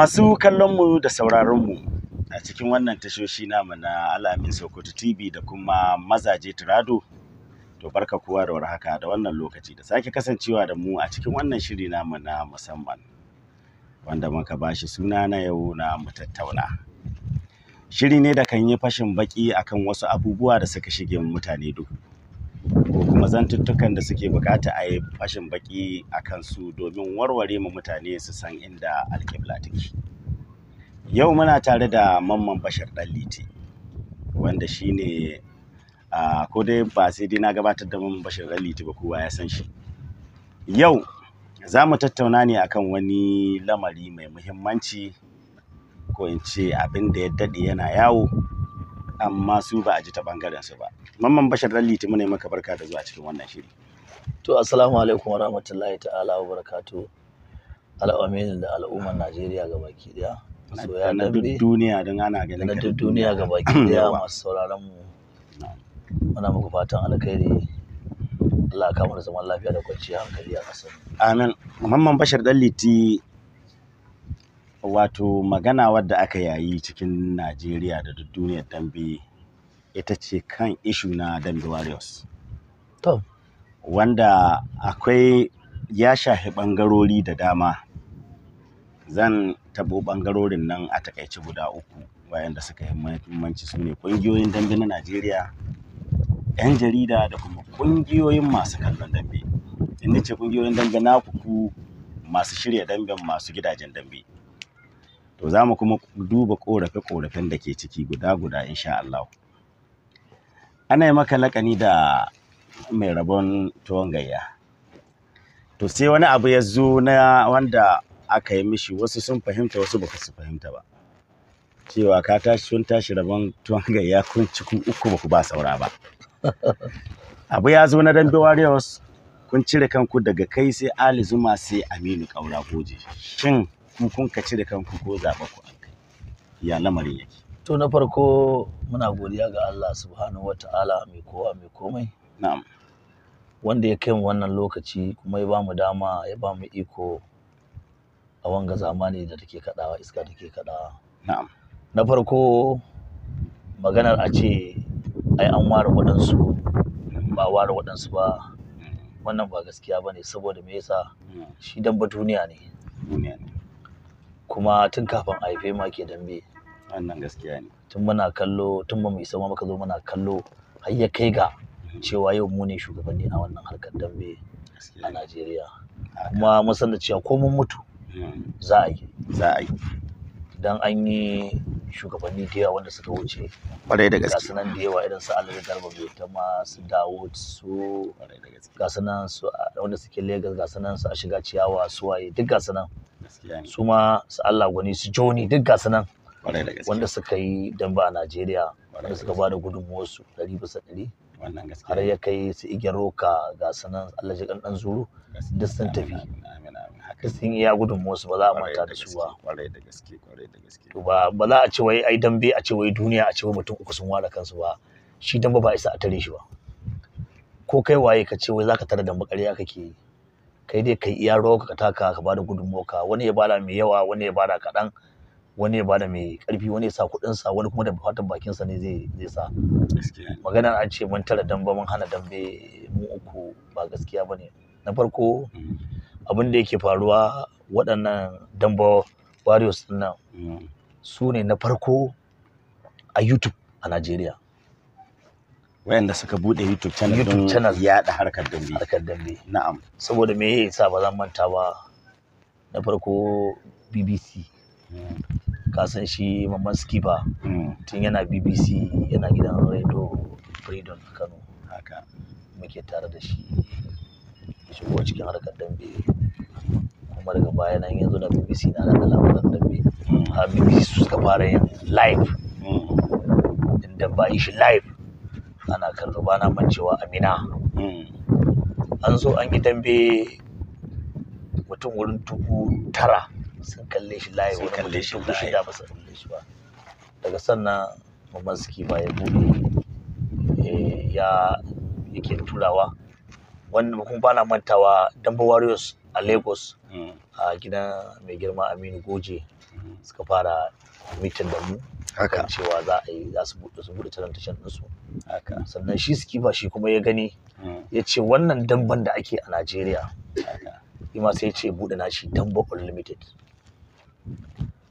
Masu kallon mu da sauraron mu a cikin wannan tashoshi namu na Alamin Sokoto TV da kuma Mazaje Turado, to barka kowa da warhaka da wannan lokaci da sake kasancewa da mu a cikin wannan shiri namu na musamman wanda muka bashi suna na yau na mu tattauna. Shiri ne da kan yi fashin baki akan wasu abubuwa da suka shige mutane duhu. ko kuma zantuttukan da suke bukata a yi fashin baki a kansu domin warware ma mutane su san inda alƙibla take yau muna tare da mamman bashar ɗanliti wanda ko dai ba sai dai na gabatar da mamman bashar ɗanliti ba kowa ya san shi yau za mu tattauna ne akan wani lamari mai muhimmanci ko in ce abin da ya daɗe yana yawo amma su ba a ji ta bangaren su ba mamman bashar dan litimi ne maka barka da zuwa cikin wannan shiri to assalamu alaikum warahmatullahi ta'ala wa barakatu. al'aminin da al'ummar Najeriya ga baki daya masoya na duk duniya don ana ganin na duk duniya ga baki daya masu sauraron mu muna muku fatan alkhairi Allah ya zaman lafiya da kwanciyar hankali a ƙasar amin mamman bashar dan wato magana wadda aka yayi cikin najeriya da duk duniyar dambe ita ce kan ishu na dambe warriors to wanda akwai ya shafi ɓangarori da dama zan tabo ɓangarorin nan a takaice guda uku wayanda suka yi muhimmanci su ne ƙungiyoyin dambe na najeriya 'yan jarida da kuma ƙungiyoyin masu kallon dambe in ce ƙungiyoyin dambe na kuku masu shirya damben masu gidajen dambe to za mu kuma duba ƙorafe-ƙorafen da ke ciki guda-guda insha Allah ana yi maka lakani da mai rabon tuwon gayya to sai wani abu ya zo na wanda aka yi mishi wasu sun fahimta wasu baka su fahimta ba cewa ka tashi sun tashi rabon tuwon gayya kun ci uku baku ba saura ba abu ya zo na dambe warriors kun cire kanku daga kai sai ali zuma sai aminu kaura Goji. shin ku kun kaci da kanku ko zaɓa ku an kai ya lamarin yake to na farko muna godiya ga Allah subhanahu wata'ala mai kowa mai komai na'am wanda ya kai mu wannan lokaci kuma ya bamu dama ya bamu iko a wanga zamani da take kadawa iska take kadawa na'am na farko maganar a ce ai an ware waɗansu ba ware waɗansu ba mm. wannan ba gaskiya ba ne saboda me yasa mm. shi dan ba duniya ne kuma tun kafin a haife ma ke dambe wannan gaskiya ne tun muna kallo tun mu isa muka zo muna kallo har ya kai ga cewa yau mu ne shugabanni a wannan harkar dambe a Najeriya kuma mun san da cewa ko mun mutu hmm. za a yi za a yi dan an yi shugabanni da yawa wanda suka wuce kwarai da gaske Gasunan da yawa irin su Alhaji Garba Beta ma su Dawud su gasu Gasunan su wanda suke Lagos gasunan su a shiga ciyawa su waye duk gasunan. su ma su Allah gwani su joni duk ga nan wanda suka yi damba a Najeriya wanda suka ba da gudunmuwar su ɗari bisa ɗari har ya kai su igiyar roka ga sanan Allah ji ɗan zuru duk sun tafi duk sun iya gudunmuwar su ba za a manta da su ba to ba ba za a ce wai ai dambe a ce wai duniya a ce wai mutum uku sun ware kansu ba shi damba ba isa a tare shi ba ko kai waye ka ce wai zaka tare damba ƙarya kake yi kai dai kai iya rawa ka taka ka bada gudunmuwarka wani ya bada mai yawa wani ya bada kaɗan wani ya bada mai ƙarfi wani ya sa kuɗin sa wani kuma da fatan bakin sa ne zai zai sa magana an ce mun tara damba mun hana dambe mu uku ba gaskiya bane na farko mm. abin da yake faruwa waɗannan damba warriors nan mm. su ne na farko a youtube a najeriya wayanda suka bude YouTube channel YouTube channel da harkar dambe harkar dambe na'am saboda me yasa ba zan manta ba na farko BBC hmm. ka san shi mamman skipper hmm. tun yana BBC yana gidan radio Freedom Kano haka muke tare da shi shigo cikin harkar dambe kuma daga baya nan yanzu na BBC na da labaran dambe hmm. Ha BBC suka fara yin live inda ba shi live ana kallo bana mancewa amina hmm. an zo an yi dambe mutum wurin dubu tara sun kalle shi layi wani kalle shi ba shida ba kalle shi ba daga sannan mamaski ba ya buɗe eh, ya yake turawa wannan kuma bana mantawa dambe warriors a lagos hmm. a gidan mai girma aminu goje hmm. suka fara mitin da mu kan cewa za a yi za su buɗe su buɗe taron ɗinsu sannan shi skifa shi kuma ya gani hmm. ya ce wannan damban da ake a Najeriya ima sai ce buɗe nashi damba unlimited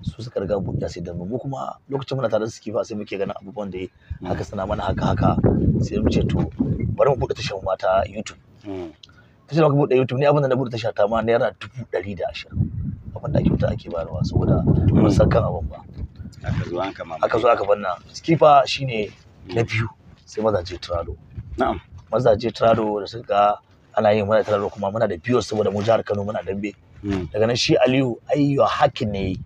su suka riga buɗe sai damba mu kuma lokacin muna tare da skifa sai muke ganin abubuwan da hmm. haka suna mana haka haka sai mu ce to bari mu buɗe tashan ta YouTube tashar hmm. muka buɗe YouTube ni abin da na buɗe tasha ta ma naira dubu ɗari da ashirin abin da ake wuta ake bayarwa saboda ban san kan abin ba aka zo aka banna skifa shine na biyu sai mazaje turado na'am mazaje turado da suka ana yin mana turado kuma muna da biyu saboda mu jihar Kano muna dambe hmm. daga nan shi Aliyu ai ayyo hakin ne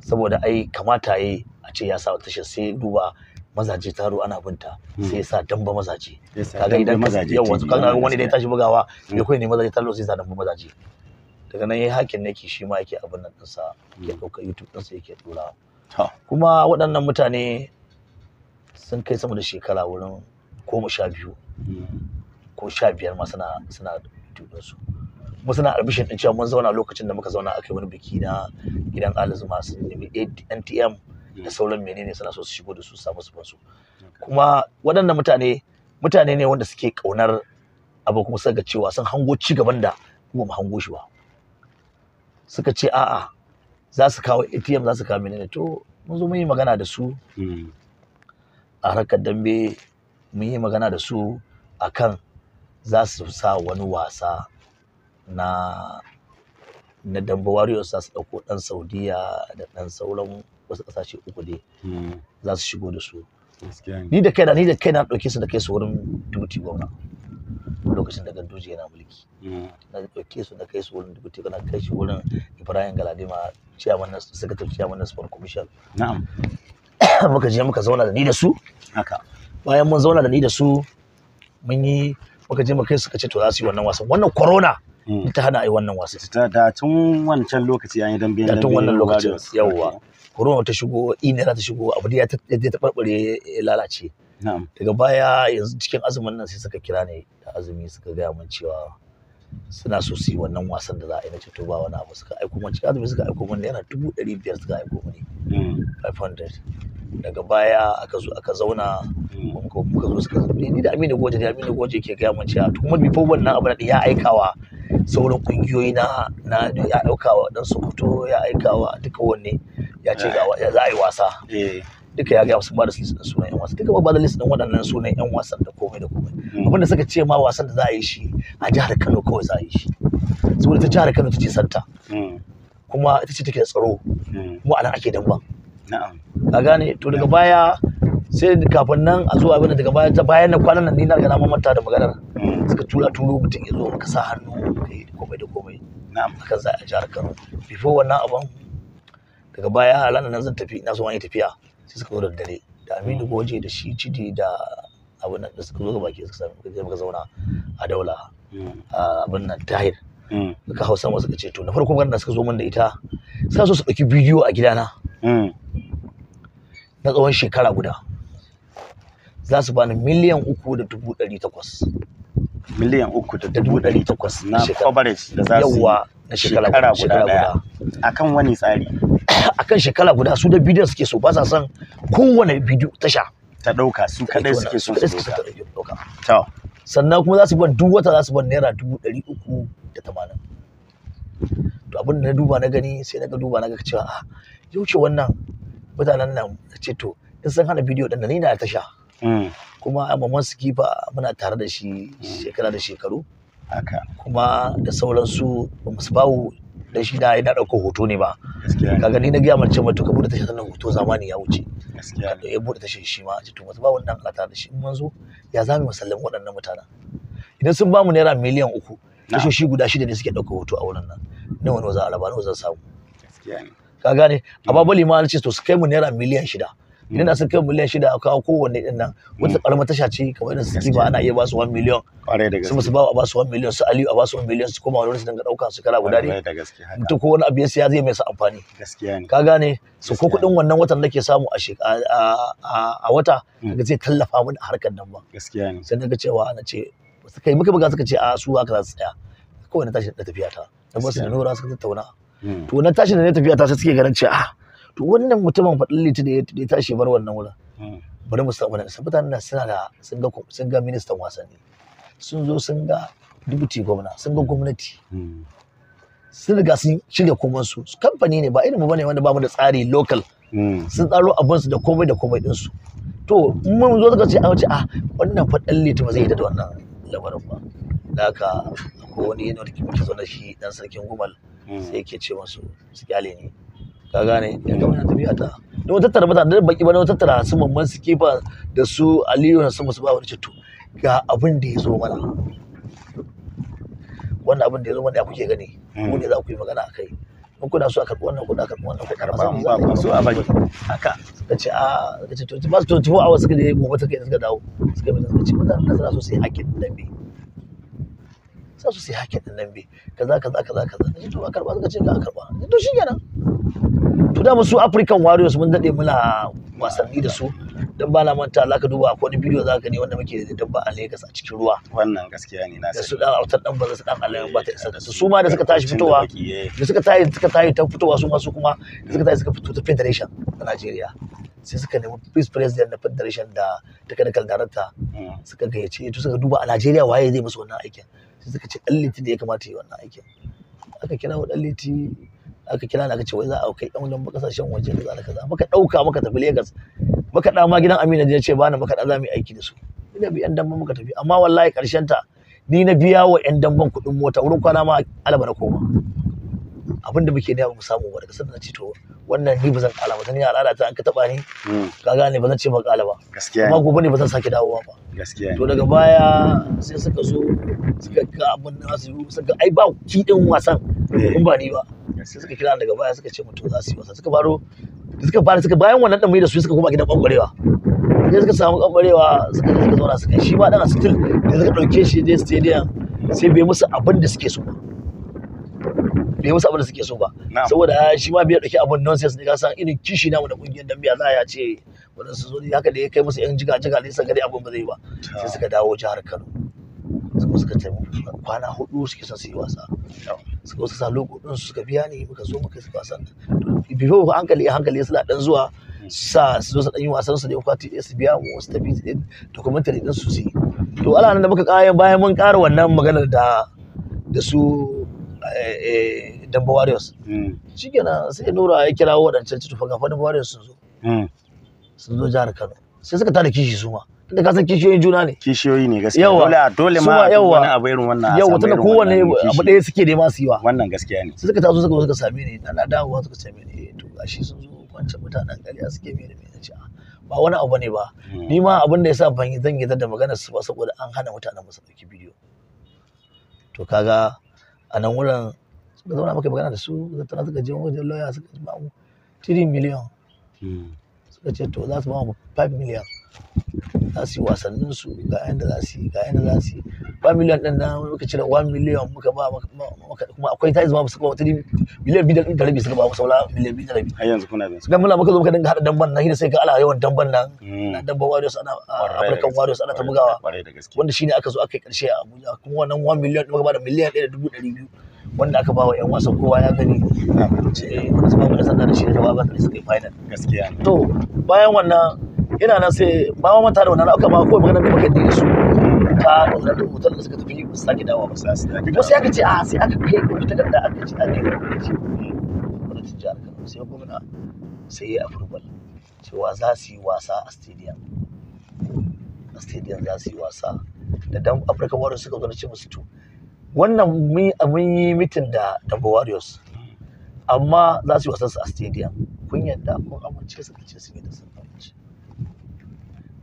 saboda ai kamata yayi a ce ya sa tashar sai duba mazaje taro ana binta hmm. sai ya sa damba mazaje kaga idan yawa kaga wani da ya tashi bugawa hmm. ya koyi ne mazaje taro sai ya sa damba mazaje daga nan yayi hakin ne ki shi ma yake abin nan ɗinsa ke ɗauka YouTube ɗinsa yake ɗorawa kuma waɗannan mutane sun kai sama da shekara wurin goma sha biyu ko sha biyar ma suna suna su mu suna albishin din cewa mun zauna lokacin da muka zauna akai wani biki na gidan alizu masu nemi ntm da hmm. sauran menene suna so su shigo da su samu su su kuma waɗannan mutane mutane ne wanda suke ƙaunar abu kuma suka cewa sun hango ci gaban da kuma mu hango shi ba suka ce a'a za su kawo atm za su kawo menene to mun zo mun yi magana da su hmm. a harkar dambe mun yi magana da su akan za su sa wani wasa na na dambe warriors za su ɗauko ɗan saudiya da ɗan sauran wasu ƙasashe uku dai hmm. za su shigo da su ni da kaina ni da kaina ɗauke su da kai su wurin duty gwamna lokacin da ganduje yana mulki mm. na ɗauke su na kai su wurin dubuti na kai shi wurin ibrahim galadima chairman na secretary chairman na sport commission na'am muka je muka zauna da ni da su haka bayan mun zauna da ni da su mun yi muka je muka kai suka ce to za su yi wannan wasan wannan corona mm. ta hana a yi wannan wasan da tun wancan lokaci an yi dambe da tun wannan lokacin yawwa corona ta shigo ina ta shigo abu da ya ta barbare lalace daga baya yanzu cikin azumin nan sai suka kira ni da azumi suka gaya min cewa suna so su yi wannan wasan da za a yi na ceto ba wani abu suka aiko min cikin azumi suka aiko min naira dubu ɗari biyar suka aiko mini hmm. 500 daga baya aka zo aka zauna hmm. muka zo suka zo ni da Aminu Goje da Aminu Goje ke gaya min cewa to kuma before wannan abu da ya aikawa sauran kungiyoyi na na ya wa dan Sokoto ya aikawa duka wanne ya ce za a yi wasa eh. duka ya ga wasu ba da list din sunan yan wasa duka ba da list din waɗannan sunan yan wasan da komai da komai hmm. abinda suka ce ma wasan da za a yi shi a jihar Kano kawai za a yi shi saboda ta jihar Kano ta ce santa hmm. kuma ita ce take da tsaro hmm. mu nan ake damba na'am ka gane to daga baya sai kafin nan a zuwa abin daga baya bayan na kwanan nan ni na ga na mamanta da maganar suka tura turo mutum ya zo ka sa hannu komai da komai na'am haka za a jihar Kano before wannan abun daga baya halana nan zan tafi na so wani tafiya sai suka zo da dare da aminu goje da shi cidi da abin nan da suka zo baki suka sami kuka muka zauna a daula hmm. a abin nan tahir suka hmm. hausa wasu suka ce to na farko ganin da suka zo min da ita suka so su ɗauki bidiyo a gidana hmm. na tsawon shekara guda za su bani miliyan uku da dubu ɗari takwas miliyan uku da dubu ɗari takwas na coverage da za su yi na shekara guda akan wani tsari akan shekara guda su da bidiyon suke so ba sa san kowane bidiyo tasha ta dauka su kadai suke so su dauka sannan kuma za su ban duk wata za su ban naira dubu ɗari uku da tamanin to abin da na duba na gani sai na ga duba na ga cewa a ah, yau wannan mutanen nan na ce to in sun hana bidiyo ɗin da ni na tasha mm. kuma a mamman su kifa muna tare da shi shekara da shekaru kuma da sauransu ba mu bawo dan shi da ina ɗaukar hoto ne ba kaga ni na gaya mace mutum ka bude tashar sannan hoto zamani ya wuce kada ya buɗe tashar shi ma ce to ba wannan alata da shi in mun zo ya zamu musallin waɗannan mutanen idan sun bamu naira miliyan uku shi guda shida ne suke ɗaukar hoto a wurin nan ne wani za a raba nawa zan samu ka gane a babali mm. ma ce to su kai mu naira miliyan shida idan mm. da sun kai miliyan shida a kawo kowanne ɗin nan wata mm. ƙaramar tasha ce kamar irin su ana iya ba su 1 miliyan su musu ba a basu 1 million su aliyu a basu 1 million su koma wani su dinga dauka su kala guda ne mutum ko wani abu ya siya zai mai sa amfani gaskiya ne ka gane su ko kudin wannan watan nake samu a a wata ga hmm. zai tallafa mun a harkar nan ba gaskiya ne sai naga cewa ana ce kai yi muka buga suka ce a su haka za su tsaya ko na tashi da tafiya ta da su da nura suka tattauna hmm. to na tashi da tafiya ta sai suke ganin cewa ah to wannan mutumin fadin litin da ya tashi bar wannan wurin hmm. bari mu samu da mutanen suna da sun ga ministan wasanni sun zo sun ga dubuti gwamna sun ga hmm. gwamnati hmm. sun riga sun shirya su kamfani ne ba irin bane wanda ba mu da tsari local hmm. sun tsaro abinsu da komai da komai ɗinsu to mun zo suka ce a ce a ah, wannan faɗan litin ba zai da wannan labarin ba da haka ko wani yana da kimanta zo na shi dan sarkin gumal sai yake ce musu su kyale ne ka gane ya ga wannan tafiya ta don tattara mutane da baki ba don tattara su mamman su kifa da su aliyu na su musu ba wani ce to ga abin da ya zo mana wannan abin da ya zo mana ya kuke gani hmm. mu ne za ku yi magana a kai in kuna so a karɓi wannan kuna karɓi wannan kuna karɓi wannan so a bari haka ka ce a ah, ka ce to masu to tuwa suka je gobe suka yi dawo suka yi suka ce wannan nasara so sai hakkin lambe. za su sai hakin ɗin bi kaza kaza kaza kaza na ce to a karɓa suka ce ka a karɓa to shi kenan to da su African Warriors mun daɗe muna wasanni da su don ba na manta Allah ka duba ko wani bidiyo za ka ne wanda muke da dabba a Lagos a cikin ruwa wannan gaskiya ne na da su dan autar dan bazan su dan Allah eh, ba ta isa da su su ma da suka tashi fitowa eh. da suka tashi suka tayi ta fitowa su ma su kuma da suka tashi suka fito ta Federation ta Najeriya sai suka nemi Vice President na Federation da Technical Director hmm. suka gayyace to suka duba a Najeriya waye zai musu wannan aikin sai suka ce ɗan liti da ya kamata yi wannan aikin aka kira wa aka kira aka ce wai za a kai ɗan wajen kasashen waje kaza kaza muka ɗauka muka tafi Legas muka ɗa ma gidan aminu ya ce na muka ɗa za mu yi aiki da su ina bi ƴan damban muka tafi amma wallahi karshen ta ni na biya wa ƴan damban kuɗin mota wurin kwana ma alaba na koma abin da muke da mu samu ba daga sannan ce to wannan ni ba zan kala ba sanin al'ada ta ka taba ni hmm. ka gane ba zan ce ba kala ba gaskiya amma gobe ne ba zan sake dawowa ba gaskiya to daga baya sai suka zo suka ga abin da su yi suka ai ba ki din wasan eh. in ba ni ba sai suka kira daga baya suka ce mutum za su yi wasa suka faro suka fara suka bayan wannan dan mai da su suka koma gidan kwankwarewa sai suka samu kwankwarewa suka suka zauna suka shi ma dan a still da suka dauke shi je stadium sai bai musu abin da suke so ba bai musu abin da suke so ba saboda ah, shi ma bai dauki abin nonsense ne ka san irin kishi namu da kungiyar dan biya za ya ce wannan su zo ne haka da ya kai musu yan jiga jiga ne san gari abin ba zai ba sai suka dawo jihar Kano suka suka ta kwana hudu suke son su yi wasa suka suka sa loko din suka biya ni muka zo muka su wasan bifo hankali hankali suna dan zuwa sa su zo su dan yi wasan su ne ta su biya mu su tafi documentary din su su yi to ala nan da muka kayan bayan mun ƙara wannan maganar da da su Eh, eh, Damba Warriors. Hmm. Shi kenan sai Nura ya kira waɗancan citufa gafa Damba Warriors sun zo. Hmm. Sun zo jihar Kano. Sai suka tada kishi su ma. Tunda ka san kishiyoyin juna ne. Kishiyoyi ne gaskiya. Yawa. Dole dole ma wani abu irin wannan. Yawa tunda kowane abu ɗaya suke nema su yi wa. Wannan gaskiya ne. Sai suka taso suka zo suka same ni ana dawowa suka same ni eh, to gashi sun zo kwance mutanen ƙarya suke mai da mai ci ba wani abu ne ba. Hmm. Ni ma abin da yasa ban zan yi da magana su ba saboda an hana mutanen mu su ɗauki bidiyo. To kaga a nan wurin suka zauna muka magana da su suka tana suka je wajen lawyer suka ba mu 3 million hmm. suka ce to za su ba mu 5 million za su yi wasannin su ga yanda za su yi ga yanda za su yi ba miliyan ɗin nan muka cire 1 miliyan muka ba kuma akwai ta izuma suka ba tiri miliyan biyu da rabi suka ba saura miliyan biyu da rabi har yanzu kuna bin dan muna muka zo muka dinga haɗa damban nan shi sai ka ala yawan damban nan hmm. na damban warriors ana african warriors ana ta bugawa wanda shine aka zo aka yi ƙarshe a Abuja kuma wannan 1 miliyan muka ba da miliyan biyu wanda aka ba wa 'yan wasan kowa ya gani eh, wanda suka ba da sanda da shi da ba ba suka yi final gaskiya to bayan wannan ina nan sai ba mu mata da wannan aka ba ko magana da muka yi da su ta wannan da mutan da suka tafi ba sake dawowa ba ah, sai sai aka ce a sai aka kai ko ta da aka ce aka yi ce wani tijjar kan sai gwamna sai ya approval cewa za su yi wasa a stadium a stadium za su yi wasa da dan Africa Warriors suka gwada ce musu to wannan mun yi mitin da da Warriors amma za su yi wasansu a stadium kun yadda kun amince suka ce su yi da sun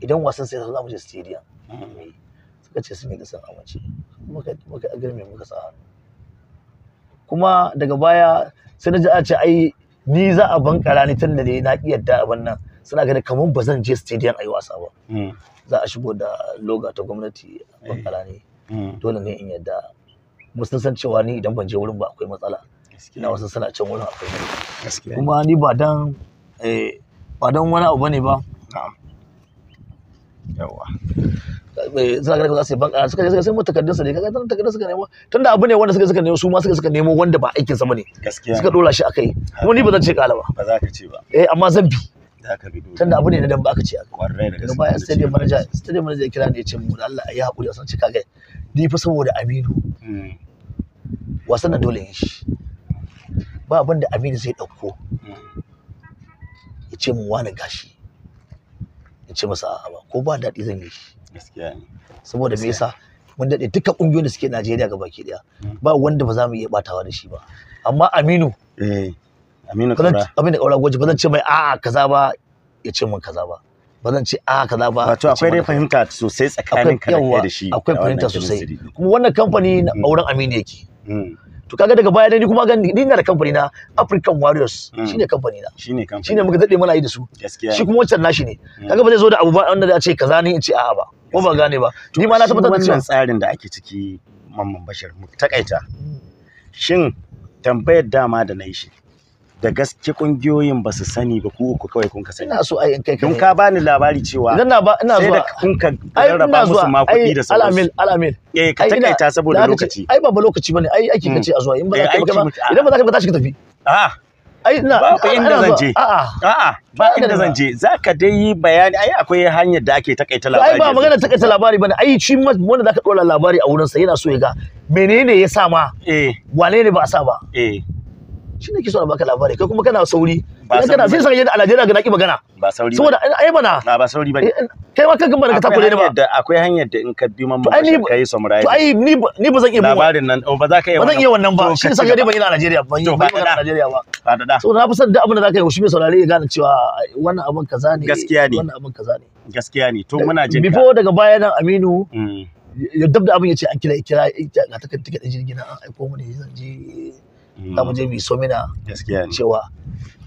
idan wasan sai za mu je stadium suka ce sun yi sun amince muka agirme muka sa hannu kuma daga baya sai na ji a ce ai ni za a bankara ni tun da dai na ki yadda abin nan suna gani kamar ba zan je stadium a yi wasa ba hmm. za a shigo da loga ta gwamnati a bankara ni. Hmm. dole ne in yadda musun san cewa ni idan ban je wurin ba akwai matsala ina wasu suna can wurin akwai matsala. kuma ni ba dan eh, ba dan wani abu bane ba yawa eh, suna ganin za su yi suka je suka takardun ne kaga takardun suka nemo tunda abu ne wanda suka suka nemo su ma suka suka nemo wanda ba aikin sa ne. gaskiya suka dora shi akai kuma ni ba zan ce kala ba ba za ka ce ba eh amma zan bi tunda abu ne na dan ba ka ce aka kwarai da gaskiya bayan stadium manager stadium manager ya kira ne ya ce mu Allah ya hakuri a san cika ga ni fa saboda Aminu hmm. wasan dole shi ba abin da Aminu zai dauko hmm. ya ce mu wani gashi in ce masa a'a ba ko ba daɗi zan yi shi saboda me yasa mun daɗe dukkan ƙungiyoyin da suke Najeriya ga baki ɗaya hmm. ba wanda ba za mu iya batawa da shi ba amma Aminu eh Aminu Kaura Aminu Kaura gwaji ba zan ce mai a'a kaza ba ya ce min kaza ba ba zan ce a'a kaza ba wato akwai dai fahimta sosai tsakanin ka da shi akwai fahimta sosai kuma wannan kamfani na hmm. auren Aminu yake hmm. to kaga daga baya dai ni kuma gan ni na da kamfani na African Warriors mm. shine kamfani na shine kamfani shine muka dade muna yi da su Gaskiya shi kuma wancan nashi ne mm. kaga ba zai zo da abu ba wanda zai ce kaza ne in ce a'a ba ko ba gane ba ni ma na tabbatar da wannan tsarin da ake ciki mamman bashir mu takaita mm. shin tambayar dama da na yi shi da gaske kungiyoyin ba su sani ba ku uku kawai kun ka sani ina so ai in kai don ka bani labari cewa ina ba ina zuwa sai da kun ka rarraba musu ma kuɗi da sauransu alamil alamil eh ka takaita saboda lokaci ai ba ba lokaci bane ai aiki kace mm. a zuwa in ba za eh, ka ba idan ba za ka ba tashi ka tafi a'a ah. ai ina ba ku inda zan je a a'a ba inda zan je Za ka dai yi bayani ai akwai hanyar da ake takaita labari ai ba magana takaita labari bane ai shi wanda ka dora labari a wurin sa yana so ya ga menene ya sa ma eh wane ne ba a sa ba eh shi ne ke so a baka labari kai kuma kana sauri idan kana sai sanye a Najeriya ga naki magana ba sauri ba saboda ai eh, bana eh, na ba sauri ba eh, kai ma kanka bana ka ta kure ne ba akwai hanyar da in ka bi man ba kai so samurai to ai ni ni ba zan iya labarin nan oh, ba za ka iya ba zan iya wannan ba shi sanye dai ban ina Najeriya ban yi magana a Najeriya ba da so na fi san duk abin da za ka yi shi mai saurare ya gane cewa wannan abin kaza ne gaskiya ne wannan abin kaza ne gaskiya ne to muna jin before daga baya nan Aminu mm. ya dabda abin ya ce an kira kira ga takarda jirgin an aiko mu ne zan je Eh. za mu je mu Gaskiya mina cewa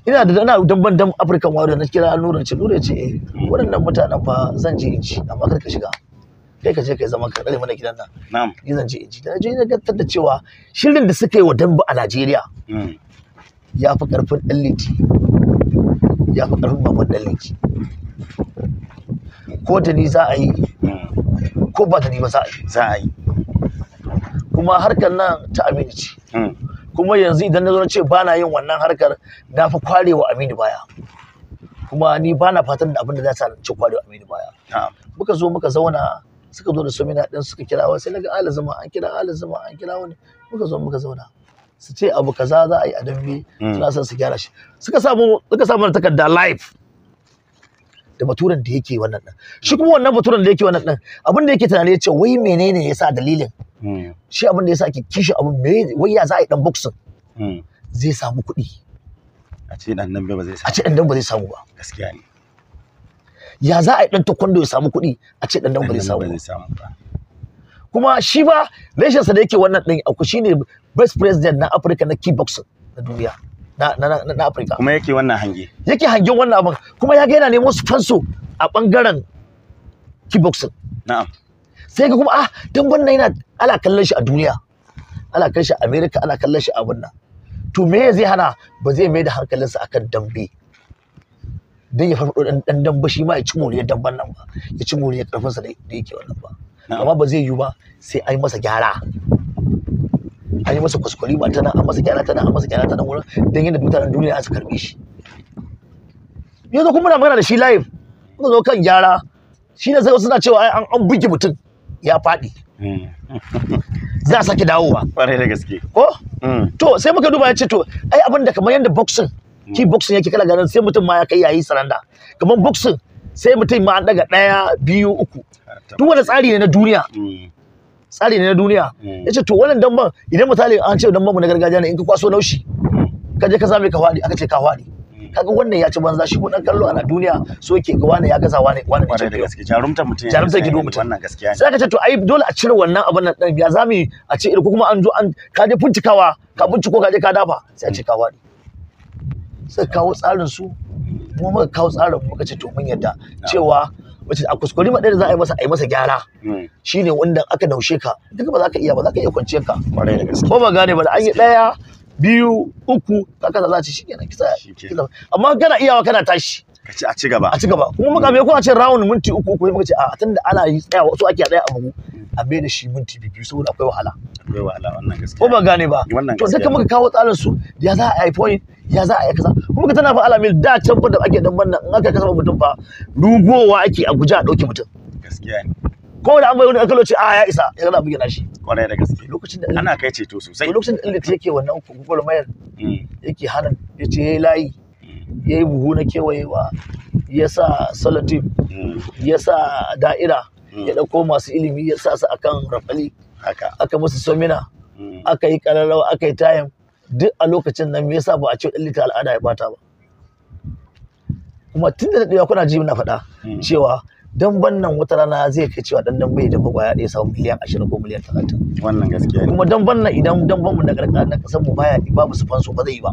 ina da ina dabban dam African Warrior na kira Nura ce Nura ce eh hmm. waɗannan mutanen fa zan je in ci amma kar ka shiga kai ka je kai zama ka dare mana gidan nan na'am ni zan je in ci da je ina gattar da cewa shirin da suka yi wa dambe a Najeriya hmm. ya fi karfin dan liti ya fi karfin baban dan liti ko da ni za a yi hmm. ko ba da ni ba za a yi za a yi kuma harkar nan ta abinci kuma yanzu idan na zo na ce ba na yin wannan harkar na fi kwarewa Aminu baya kuma ni ba na fatan da abin da za ta ci kwarewa Aminu baya muka zo muka zauna suka zo da somina din suka kira wani sai naga ala zama an kira ala zama an kira wani muka zo muka zauna su ce abu kaza za a yi a dambe hmm. suna son su gyara shi suka samu suka samu takarda live da baturan da yake wannan din shi hmm. kuma wannan baturan da yake wannan din abin da yake tunani yace wai menene yasa dalilin hmm. shi abin da yasa ake kishi abin me wai ya za a yi dan boxing hmm. zai samu kuɗi a ce dan nan ba zai samu a ce dan nan ba zai samu ba gaskiya ne ya za a yi dan taekwondo ya samu kuɗi a ce dan nan ba zai samu ba kuma shi ba rashin sa da yake wannan din akwai shine best president na Africa na kickboxing na duniya na na na Afirka kuma yake wannan hange yake hangen wannan abin kuma ya ga yana su sponsor a bangaren kickboxing na'am sai ga kuma ah dan wannan yana ala kallon shi a duniya ana kallon shi a America ana kallon shi a wannan to me zai hana ba zai mai da hankalinsa akan dambe dan ya farfado dan dan dambe shi ma ya ci moriyar damben nan ba ya ci moriyar karfinsa da yake wannan ba amma ba zai yiwu ba sai ai masa gyara an yi masa kuskure ba tana an masa kyana tana an masa kyana tana wurin don yadda mutanen duniya su karbe shi yanzu kuma muna magana da shi layin muka zo kan gyara shi ne sai suna cewa ai an buge mutum ya faɗi hmm. za a sake dawowa ƙwarai da gaske ko hmm. to sai muka duba ya ce to ai abin da kamar yadda boxing ki hmm. boxing yake kala ganin sai mutum ma ya kai yayi saranda kamar boxing sai mutum ma an daga ɗaya biyu uku ah, duk wani tsari ne na duniya tsari ne na duniya mm. yace to wannan damban idan misali an ce damban mu na gargajiya ne in ka kwaso naushi ka je ka same ka faɗi aka ce ka faɗi mm. kaga wannan ya ci banza shi ko dan kallo ana duniya so yake ga wani ya gaza wani wani ne da gaske jarumta mutum jarumta ki do mutum wannan gaskiya sai ka ce to ai dole a cire wannan abin nan dan ya zami a ce ko kuma an zo an ka je fincikawa ka binciko ka je ka dafa sai a ce ka faɗi sai kawo tsarin su mu muka kawo tsarin muka ce to mun yadda cewa mace a kuskure madai da za a yi masa a yi masa gyara hmm. shine wanda aka naushe ka duka ba za ka iya ba za ka iya kwanciyar ka ko ba gane ba da an yi daya biyu uku kaka za a ci shikenan kisa amma kana iyawa kana tashi ci a ci gaba a ci gaba kuma muka bai ko a ce round minti uku uku muka ce a tunda ana yi tsaya wasu ake tsaya a bugu a bai da shi minti biyu saboda akwai wahala akwai wahala wannan gaskiya ko ba gane ba to duka muka kawo tsarin su ya za a yi point ya za a yi kasa kuma ka tana fa mil da can fa da ake dan bannan in aka kasa mutum fa rugowa ake a guje a dauke mutum gaskiya ne ko da an bai wani aka lokaci a ah, ya isa ya zama bugina shi kwarai da gaske lokacin da ana kai ceto sosai lokacin da inda yake wannan kokoro mayar mm. yake hana yace yayi layi mm. yayi buhu na kewayewa ya sa salatif mm. ya sa da'ira ya dauko masu ilimi ya sa su akan rafali aka musu somina aka yi kararrawa aka yi tayin duk a lokacin nan me yasa ba a ce dan litan al'ada ya bata ba kuma tun da daɗewa kuna ji muna faɗa hmm. cewa dan bannan wata rana zai kai cewa dan dan bai da kwaya da ya samu miliyan 20 ko miliyan 30 wannan gaskiya kuma dan bannan idan dan banmu da karkar na kasan mu baya babu sponsor ba zai yi ba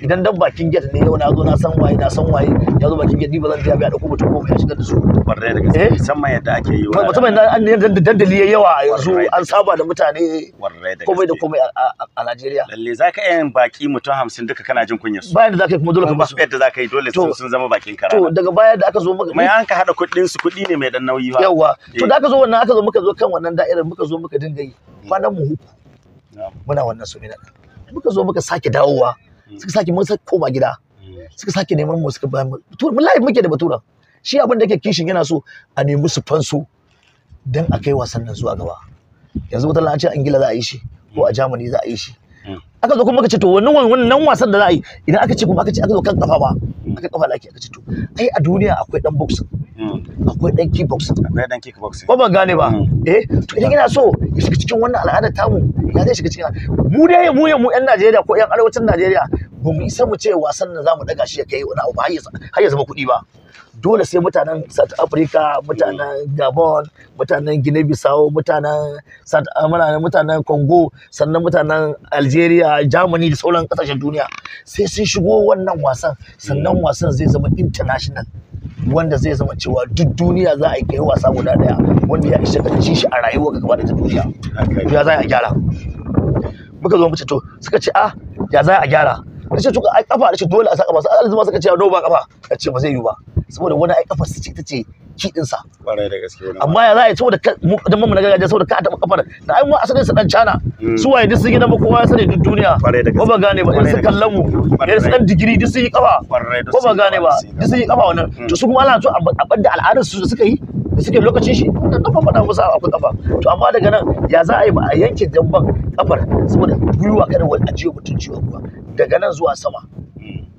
idan dan bakin gate ne yau na zo na san waye na san waye ya zo bakin gate ba zan je da ko mutum ko ya shiga da su barre da gaskiya eh? ake yi wa musamman an ne dandali yawa yanzu an saba da mutane komai da komai a Najeriya lalle zaka yin baki mutum 50 duka kana kunyar su bayan da zaka ka yadda yi dole sun zama bakin to daga baya da aka zo maka mai an ka hada kuɗin kuɗi ne mai dan nauyi ba yawa to eh. da ka zo wannan aka zo muka zo kan wannan da'irar muka zo muka dinga yi hmm. kwanan mu huku muna wannan su mina muka zo muka sake dawowa hmm. suka sake mun sake koma gida hmm. suka sake neman mu suka bayan batura mun layi muke da batura shi abin da yake kishin yana so a nemi su fansu dan a kai wasan nan zuwa gaba yanzu wata an ce Ingila za a yi shi ko a Germany za a yi shi aka zo kuma aka ce to wannan wannan wasan da za a yi idan aka ce kuma aka ce aka zo kan kafa ba aka kafa laki aka ce to ai a duniya akwai dan boxing akwai dan kickboxing akwai dan kickboxing ba ban gane ba mm. eh to idan ina so ya shiga cikin wannan al'adar tamu ya zai shiga cikin mu dai mu mu yan Najeriya ko yan arewacin Najeriya ba mu isa mu ce wasan nan zamu daga shi ya kai wani abu har ya zama kuɗi ba dole sai mutanen South Africa mutanen mm. Gabon mutanen Guinea Bissau mutanen South America ah, mutanen Congo sannan mutanen Algeria Germany da sauran kasashen duniya sai sun shigo wannan wasan sannan mm. wasan zai zama international wanda zai zama cewa duk duniya za a yi kai wasa guda daya wanda ya ishe ka shi a rayuwa ka gaba da duniya ya za a gyara muka zo mu ce to suka ce ah ya za a gyara da rashin tuka ai kafa da rashin dole a saka ba sai alzuma suka ce no ba kafa a ce ba zai yi ba saboda wani ai kafa su ce ita ce kidin sa kwarai da gaske wannan amma ya za a yi saboda dan mamu na gargajiya saboda ka taba kafar da ai mu asalin su dan cana hmm. su waye duk sun yi na ba kowa ya sani duk duniya ko ba gane ba in su kallon mu yar su dan digiri duk sun yi kafa ko ba gane ba duk sun yi kafa wannan hmm. to su kuma Allah so a bar da al'adar su suka yi da suke lokacin shi wannan kafa faɗa musu a kafa to amma daga nan ya za a yi ba a yanke jamban kafar saboda gwiwa kada wani ajiye mutum ciwon daga nan zuwa sama hmm.